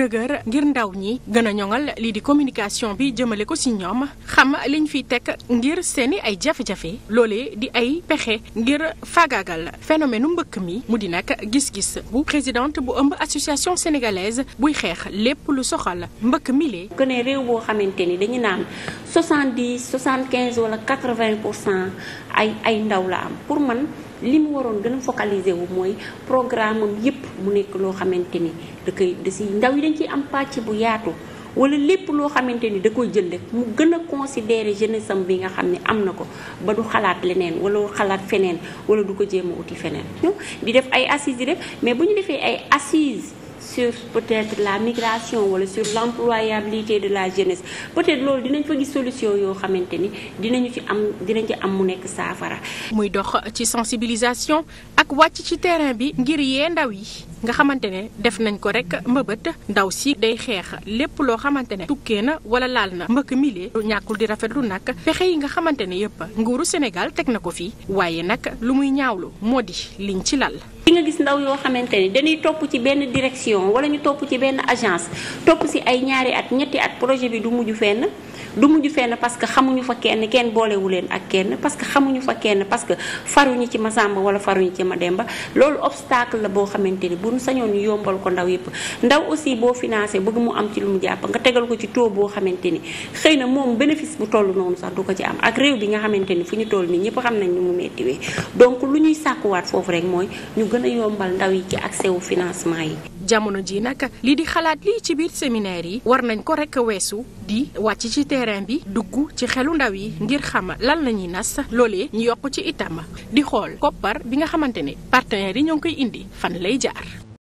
dëgër ngir ndaw ñi gën a ñoŋal lii di communication bi jëmale ko ci ñoom xam liñ fiy teg ngir seeni ay jafe-jafe loolee di ay pexe ngir faagaagal phénomène mbëkk mi mu di nag gis-gis bu présidente bu ëmb association sénégalaise buy xeex lépp lu soxal mbëkk mi lee. que ne réew boo xamante ni dañu naan soixante dix soixante quinze wala quatre vingt pour cent ay ay ndaw la am pour man. li mu waroon gën a focaliser wu mooy programme am yépp mu nekk loo xamante ni da koy ndaw yi dañ ci am pàcc bu yaatu wala lépp loo xamante ni da koy jël mu gën a considérer jeunesse am bi nga xam ni am na ko ba du xalaat leneen wala xalaat feneen wala du ko jéem a uti feneen. di def ay assises di def mais bu ñu defee ay assises. sur peut-être la migration wala sur l'employabilité de la jeunesse peut-être loolu dinañ fa gis solution yoo xamante ni dinañu ci am dinañ ci am mu nekk saafara. muy dox ci sensibilisation ak wàcc ci terrain bi ngir yee ndaw yi. nga xamante ne def nañ ko rek mbëbët ndaw si day xeex lépp loo xamante ne tukkee na wala laal na mbëkk mili ñàkkul di rafetlu nag fexe yi nga xamante ne yëpp nguuru Sénégal teg na ko fii waaye nag lu muy ñaawlu moo di liñ ci lal. li nga gis ndaw yoo xamante ne dañuy topp ci benn direction wala ñu topp ci benn agence topp si ay ñaari at ñetti at projet bi du mujj fenn. du mujj fenn parce que xamuñu fa kenn kenn boolewu leen ak kenn parce que xamuñu fa kenn parce que faruñu ci ma sàmba wala faruñu ci ma demba loolu obstacle la boo xamante ni bu ñu sañoon ñu yombal ko ndaw yëpp ndaw aussi boo financé bëgg mu am ci lu mu jàpp nga tegal ko ci taux boo xamante ni xëy na moom bénéfice bu toll noonu sax du ko ci am ak réew bi nga xamante ni fu ñu toll nii ñëpp xam nañ ni mu méttiwee donc lu ñuy sàkkuwaat foofu rek mooy ñu gën a yombal ndaw yi ci accès au financement yi jamono ji nag lii di xalaat lii ci biir séminaire yi war nañ ko rek weesu di wàcc ci terrain bi dugg ci xelu ndaw yi ngir xam lan la ñuy nas loolee ñu yokk ci itam di xool koppar bi nga xamante ne partenaires yi ñoo ngi koy indi fan lay jaar.